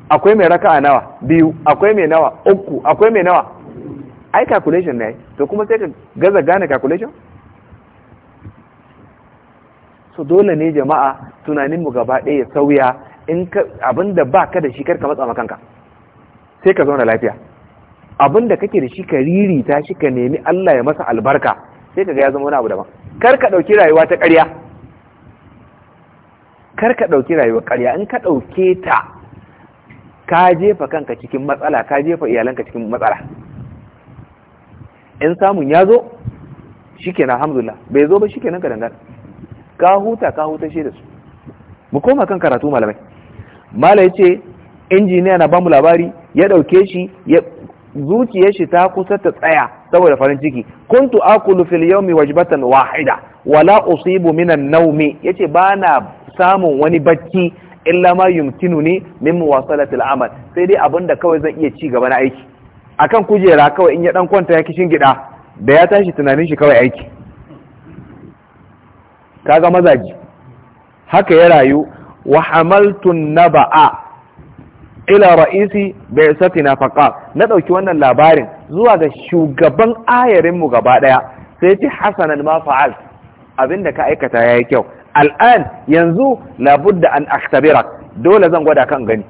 akwai mai a nawa biyu akwai mai nawa uku akwai mai nawa ai calculation ne to kuma sai ka gaza gane calculation so dole ne jama'a tunanin mu gaba ɗaya sauya in da ba ka da shi karka matsa makanka sai ka zauna lafiya abin da kake da shi ka ririta shi ka nemi Allah ya masa albarka sai kaga ya zama wani abu daban kar ka ɗauki rayuwa ta ƙarya kar ka ɗauki rayuwa ƙarya in ka ɗauke ta ka jefa kanka cikin matsala ka jefa iyalanka cikin matsala in samun ya zo shikenan alhamdulillah bai zo ba shikenan ka dangana ka huta ka huta shi da su mu koma kan karatu malamai mala ya ce injiniya na bamu labari ya ɗauke shi zuciyar shi ta kusa ta tsaya saboda farin ciki kuntu akulu fil yawmi wajbatan wahida wala usibu minan nawmi yace bana samun wani bacci illa ma yumkinuni min muwasalatil amal sai dai abinda kawai zan iya ci gaba na aiki akan kujera kawai in ya dan kwanta ya kishin gida da ya tashi tunanin shi kawai aiki kaga mazaji haka ya rayu wa hamaltun naba'a ila ra'isi bai sati na faƙa na ɗauki wannan labarin zuwa ga shugaban ayarinmu gaba ɗaya sai ce hasanan ma fa'al abinda ka aikata ya yi kyau al'an yanzu labudda an aktabira dole zan gwada kan gani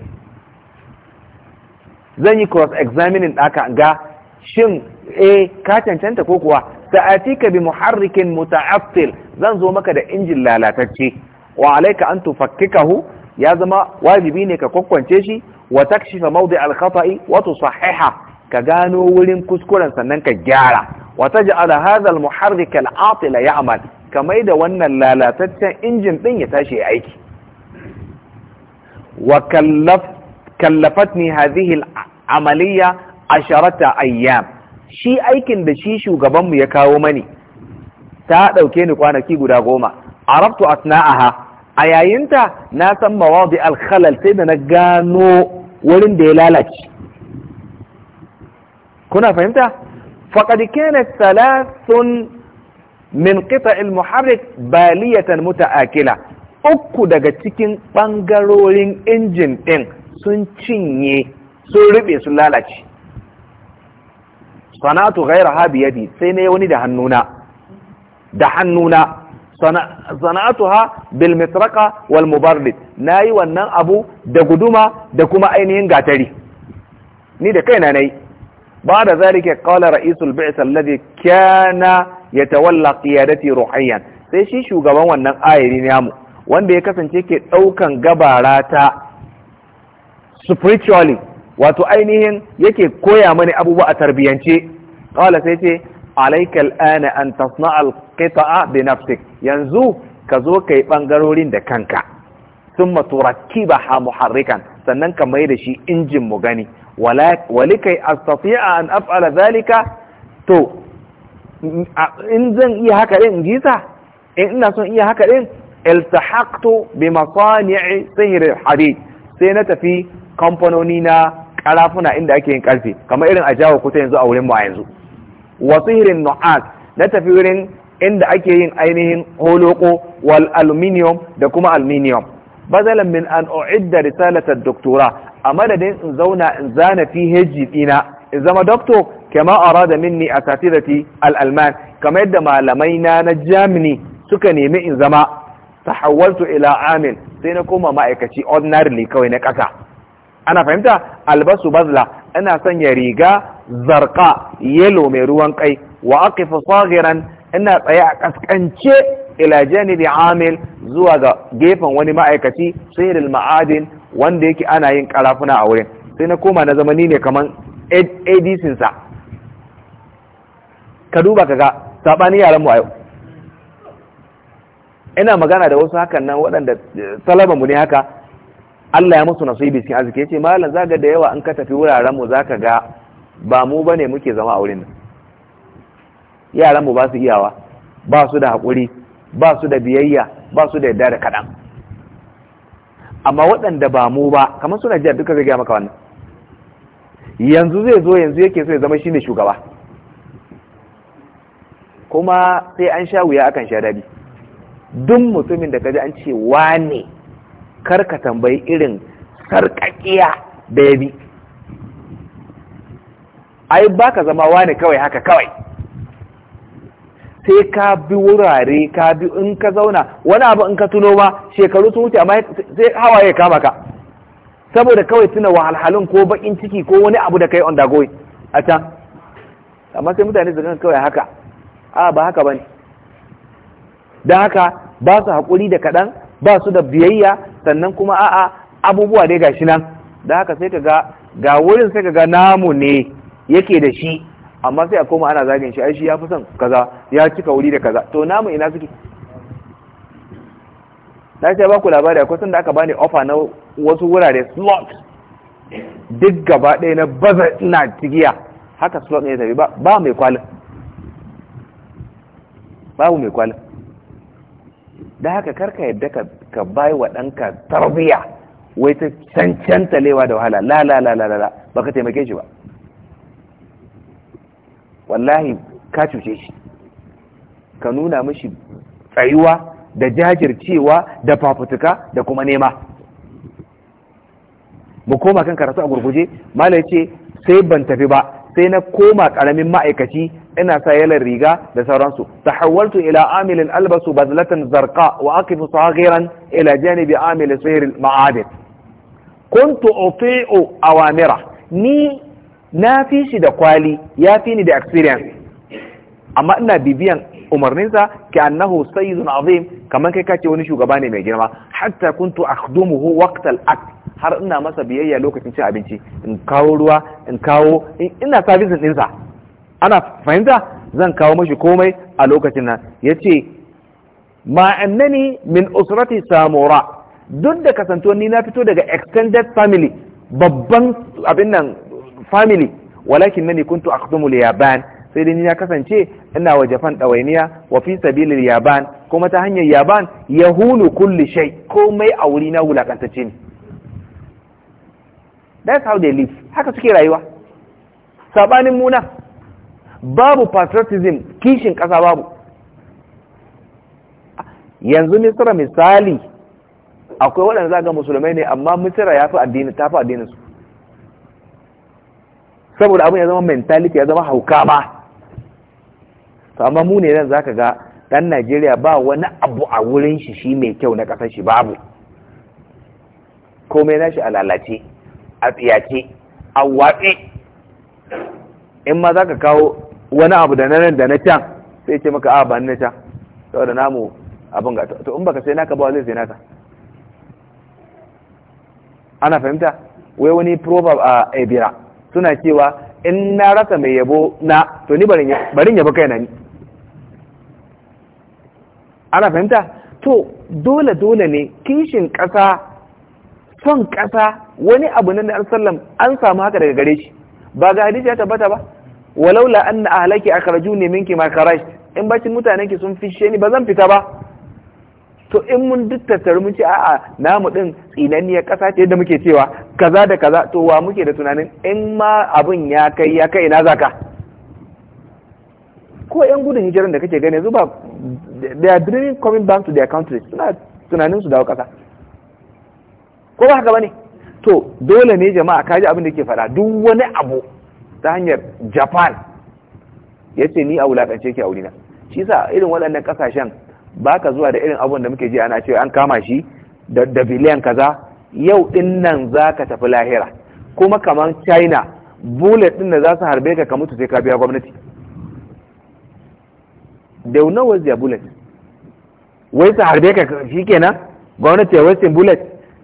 zan yi cross examining ɗaka ga shin eh ka cancanta ko kuwa ka bi muharrikin muta'attil zan zo maka da injin lalatacce wa alaika an tufakkikahu ya zama wajibi ne ka kwakwance shi wa takshifa mawdi'al khata'i wa tusahhiha ka gano wurin kuskuren sannan ka gyara Wata taj'al hadha al muharrik al atil ya'mal kamar da wannan lalataccen injin ɗin ya tashi aiki wa kallaf kallafatni hadhihi al amaliya asharata ayyam shi aikin da shi shugabanmu ya kawo mani ta ɗauke ni kwanaki guda goma arabtu asna'aha a yayinta na san mawadi alkhalal sai da na gano wurin da ya lalace kuna fahimta faqad kana thalathun min qita' almuharrik baliyatan muta'akila uku daga cikin bangarorin injin din sun cinye sun rube sun lalace sanatu ghairaha biyadi sai ne wani da hannuna da hannuna sana'atuha bil mitraqa wal mubarrid nayi wannan abu da guduma da kuma ainihin gatari ni da kaina nayi bada da zalika qala ra'isul bi's alladhi kana yatawalla qiyadati ruhiyan sai shi shugaban wannan ayiri mu. wanda ya kasance ke daukan gabara ta spiritually wato ainihin yake koya mani abubuwa a tarbiyance qala sai ce alaika al'ana an tasna alqita'a bi nafsik yanzu ka zo kai bangarorin da kanka kiba ha muharrikan sannan ka mai da shi injin mu gani walikai astati'a an af'ala zalika to in zan iya haka din jisa in ina son iya haka din iltahaqtu bi masani'i sihr hadid? sai na tafi kamfanoni na karafuna inda ake yin karfe kamar irin ajawa kuta yanzu a wurin mu a yanzu wa sihirin nu'as na tafi wurin inda ake yin ainihin holoko wa aluminium da kuma aluminium bazalan min an u'idda risalatar doktora a madadin in zauna in zana phd dina in zama doctor kama arada minni asatidati al alman kamar yadda malamai na na germany suka nemi in zama tahawwaltu ila amin sai na koma ma'aikaci ordinarily kawai na ƙasa ana fahimta albasu bazla ina sanya riga zarqa yelo mai ruwan kai wa aqifa saghiran ina tsaye a kaskance ila janibi amil zuwa ga gefen wani ma'aikaci sayyidul ma'adin wanda yake ana yin karafuna a wurin sai na koma na zamani ne kaman adc sa ka duba kaga sabani yaran mu a yau ina magana da wasu hakan nan waɗanda salaba mu ne haka Allah ya musu nasibi cikin arziki yace malam zaga da yawa an ka tafi wuraren mu zaka ga ba mu ba muke zama a wurin nan yaranmu ba su iyawa ba su da haƙuri ba su da biyayya ba su da yadda da kaɗan amma waɗanda ba mu ba kamar suna jiya duka zai gaya maka wannan yanzu zai zo yanzu yake so ya zama shine shugaba kuma sai an sha wuya akan sha daɗi duk mutumin da kaji an ce wane kar ka tambayi irin sarƙaƙiya da ya bi ai ba ka zama wani kawai haka kawai sai ka bi wurare ka bi in ka zauna wani abu in ka tuno ba shekaru sun wuce amma sai hawaye kama ka saboda kawai tuna wahalhalun ko bakin ciki ko wani abu da kai on dago a can amma sai mutane su gani kawai haka a ba haka bane Da haka ba su haƙuri da kaɗan ba su da biyayya sannan kuma a'a abubuwa dai gashi nan Da haka sai ka ga ga wurin sai ka ga namu ne yake da shi amma sai a koma ana zagin shi aishi shi ya fi son kaza ya cika wuri da kaza to namu ina suke na ce ba ku labari akwai sun da aka bani offer na wasu wurare slot duk gaba ɗaya na baza na tigiya haka slot ne tafi ba mai kwalin babu mai kwalin da haka karka yadda ka bai wa ɗanka tarbiyya wai ta cancanta lewa da wahala la la la la la ba ka taimake shi ba wallahi ka cuce shi ka nuna mishi tsayuwa da jajircewa da fafutuka da kuma nema mu koma kan karatu a gurguje malai ce sai ban tafi ba sai na koma karamin ma'aikaci ina sa yalar riga da sauransu tahawwaltu ila amilin albasu bazlatan zarqa wa aqifu saghiran ila janibi amil sayr al ma'abid kuntu uti'u awamira ni na fi shi da kwali ya fi ni da experience amma ina bibiyan umarninsa ka annahu sayyidun azim kamar kai kace wani shugaba ne mai girma hatta kuntu akhdumuhu waqt al-akt har ina masa biyayya lokacin cin abinci in kawo ruwa in kawo ina din ɗinsa. ana fahimta zan kawo mashi komai a lokacin nan yace ma annani min usrati samura duk da kasantoni na fito daga extended family babban abin nan family walakin nani kuntu akhdumu li yaban sai dai ni ya kasance ina wa Japan dawainiya wa fi sabilil yaban kuma ta hanyar yaban yahulu kulli shay komai a wuri na wulakantacce ne that's how they live haka suke rayuwa sabanin muna babu patriotism kishin kasa babu yanzu misira misali akwai waɗanda za musulmai ne amma misira ya fi addini ta addinin su saboda abin ya zama mentality ya zama hauka ba, to amma mu ne zan zaka ga dan Najeriya ba wani abu a wurin shi shi mai kyau na kasar shi babu komai nashi a lalace a tsiyace a watse in ma zaka kawo wani abu da nan da na can sai ce maka a ba na can saboda namu abin ga to in baka sai naka ba zai sai naka ana fahimta wai wani proverb a ebira suna cewa in na rasa mai yabo na to ni barin yabo kai na ni ana fahimta to dole dole ne kishin ƙasa son ƙasa wani abu na na'ar an sallam an samu haka daga gare shi ba ga hadisi ya tabbata ba walaula a karaju ne minki ma kharajt in bacin mutanenki ki sun fishe ni ba zan fita ba to in mun dittattare mun ce a'a namu din tsinanniyar kasa ce yadda muke cewa kaza da kaza to wa muke da tunanin in ma abin ya kai ya kai ina zaka ko yan gudun hijiran da kake gani zuba they are dreaming coming back to their country suna tunanin su dawo ƙasa ko ba haka bane to dole ne jama'a ka ji abin da ke fada duk wani abu ta hanyar Japan yace ni a wulakance ke aurina shi yasa irin waɗannan ƙasashen ba ka zuwa da irin abun da muke ji ana cewa an kama shi da biliyan kaza yau din nan za ka tafi lahira kuma kamar china bullet din da za su harbe ka ka mutu sai ka biya gwamnati Da yau nawa ziya bullet wai su harbe ka shi nan? gwamnati ya wasting bullet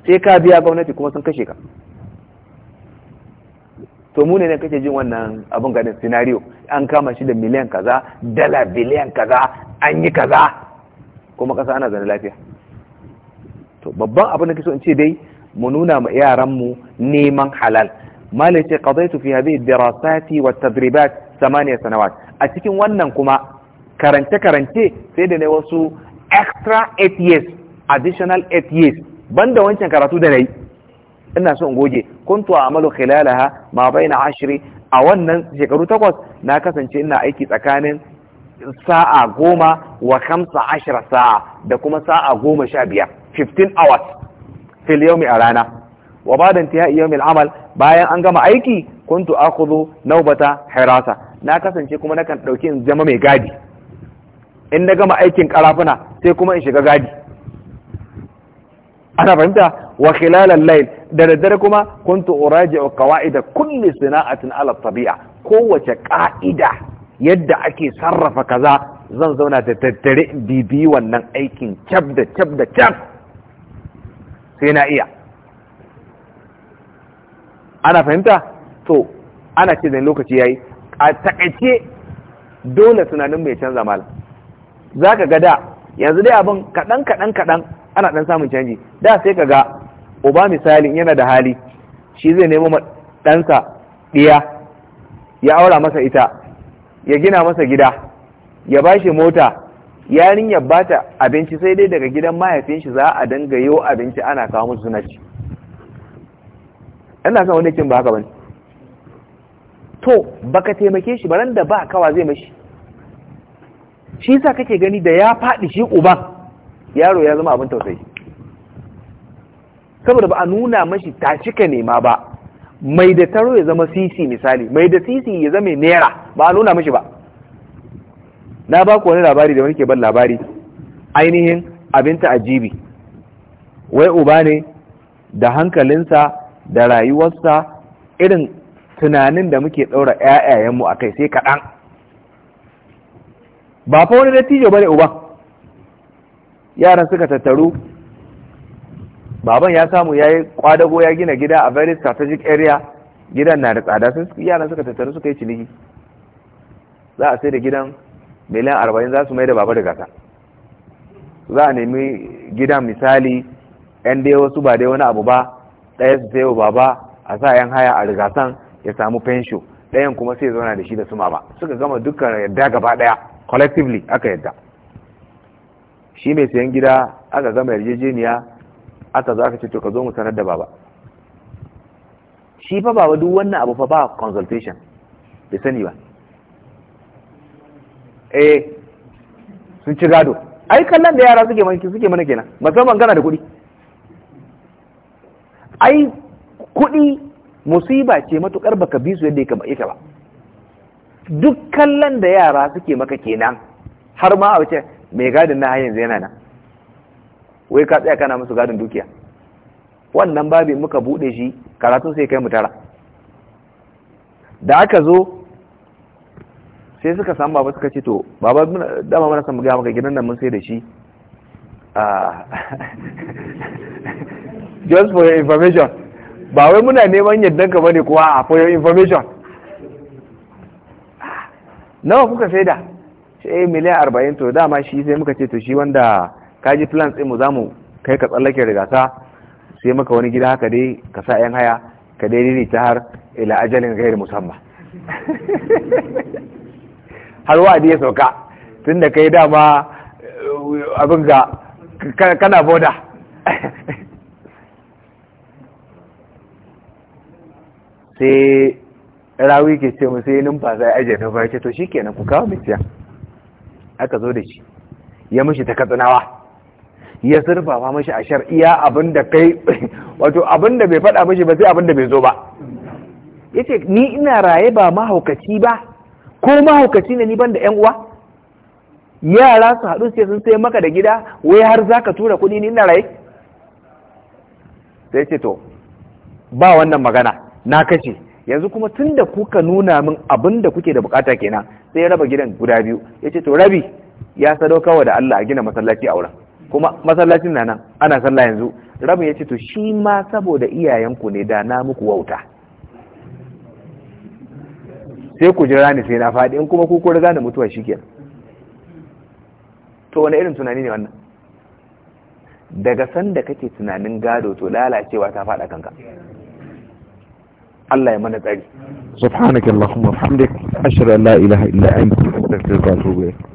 sai ka biya gwamnati kuma sun kashe ka to mu ne ne kake jin wannan abin ganin scenario an kama shi da miliyan kaza dala biliyan kaza an yi kaza kuma ƙasa ana zane lafiya to babban abin da kiso in ce dai mu nuna ma yaranmu neman halal malai ce qadaitu fi hadhihi dirasati wa tadribat samaniya sanawat a cikin wannan kuma karance karance sai da ne wasu extra 8 years additional 8 years banda wancan karatu da nayi ina so in goge kuntu a'malu khilalaha ma baina ashri a wannan shekaru takwas na kasance ina aiki tsakanin sa'a goma wa kamsa ashira sa'a da kuma sa'a goma sha biyar 15 hours fil yaumi a rana wa ba da intihai yaumi al'amal bayan an gama aiki kuntu akhudhu naubata hirasa na kasance kuma nakan dauki in zama mai gadi in na gama aikin karafuna sai kuma in shiga gadi ana fahimta wa khilalal layl da daddare kuma kuntu uraji'u qawaid kulli sana'atin ala tabi'a kowace ka'ida yadda ake sarrafa kaza zan zauna da tattare in bibiyi wannan aikin cab da cab da cab sai na iya ana fahimta to ana ce da lokaci yayi a takaice dole tunanin mai canza mala za ka ga da yanzu dai abin kaɗan kaɗan kaɗan ana ɗan samun canji da sai ka ga uba misalin yana da hali shi zai nemo ɗansa ɗiya ya aura masa ita ya gina masa gida ya ba shi mota yarin ya bata abinci sai dai daga gidan mahaifin shi za a danga yau abinci ana kawo musu suna ci ina son wani kin ba haka bane to baka taimake shi baran da ba kawa zai mashi shi yasa kake gani da ya faɗi shi uban yaro ya zama abin tausayi saboda ba a nuna mashi ta cika nema ba mai da taro ya zama sisi misali mai da sisi ya zama naira ba a nuna mashi ba na ba ku wani labari da wani ke ban labari ainihin ta ajibi wai uba ne da hankalinsa da rayuwarsa irin tunanin da muke ɗaura 'ya'yayenmu a kai sai kaɗan ba fa wani dattijo ba ne uba yaran suka tattaru baban ya samu ya yi kwadago ya gina gida a very strategic area gidan na da tsada sun yaran suka tattaru suka yi ciniki za a sai da gidan miliyan arba'in za su mai da baba da gasa za a nemi gidan misali yan dai wasu ba dai wani abu ba ɗaya su sayo baba a sa yan haya a rigasan ya samu fensho ɗayan kuma sai zauna da shi da su mama suka gama dukkan yadda gaba ɗaya collectively aka yadda shi mai sayan gida aka gama yarjejeniya aka za ka ce to ka zo mu sanar da baba shi fa baba duk wannan abu fa ba consultation bai sani ba eh sun ci gado ai kallon da yara suke manki suke mana kenan musamman gana da kuɗi ai kuɗi musiba ce matukar baka bi su yadda ya ba duk kallon da yara suke maka kenan har ma a wace mai gadin na yanzu yana nan wai ka tsaya kana musu gadin dukiya wannan babin muka bude shi karatun sai kai mu tara da aka zo sai suka samu baba suka ce to baba dama mana san ga maka gidan nan mun sai da shi ah, just for your information ba wai muna neman yaddan ka bane kuwa ah, for your information ah, nawa kuka sai da sai miliyan arba'in to dama shi sai muka ce to shi wanda ka ji plans din mu za mu kai ka tsallake rigata sai maka wani gida haka dai ka sa yan haya ka daidai ne ta har ila ajalin gairi musamman har wa'adi ya sauka tun da kai dama eh, abin ga kana boda sai rawi ke ce sai numfasa ya ajiye numfashi to shi kenan ku kawo mitiya aka zo da shi ya mushi ta katsinawa ya surfafa mashi a shar'iya abin da kai wato abin da bai faɗa mashi ba sai abin da bai zo ba ya ce ni ina raye ba mahaukaci ba ko mahaukaci ne ni ban da ‘yan uwa yara su haɗu sai sun sai maka da gida wai har za ka tura kuɗi ni ina raye sai ce to ba wannan magana na kashe yanzu kuma tun da kuka nuna min abin da kuke da bukata kenan sai ya raba gidan guda biyu ya ce to rabi ya sadaukawa da Allah a gina masallaci a wurin kuma masallacin na nan ana sallah yanzu rabin ya ce to shi ma saboda iyayenku ne da na muku wauta sai ku jira ni sai na faɗi in kuma ku ko riga da mutuwa shikenan to wani irin tunani ne wannan daga sanda kake tunanin gado to lalacewa ta faɗa kanka Allah ya mana tsari subhanakallahumma wa bihamdika ashhadu an la ilaha illa anta astaghfiruka wa atubu ilayk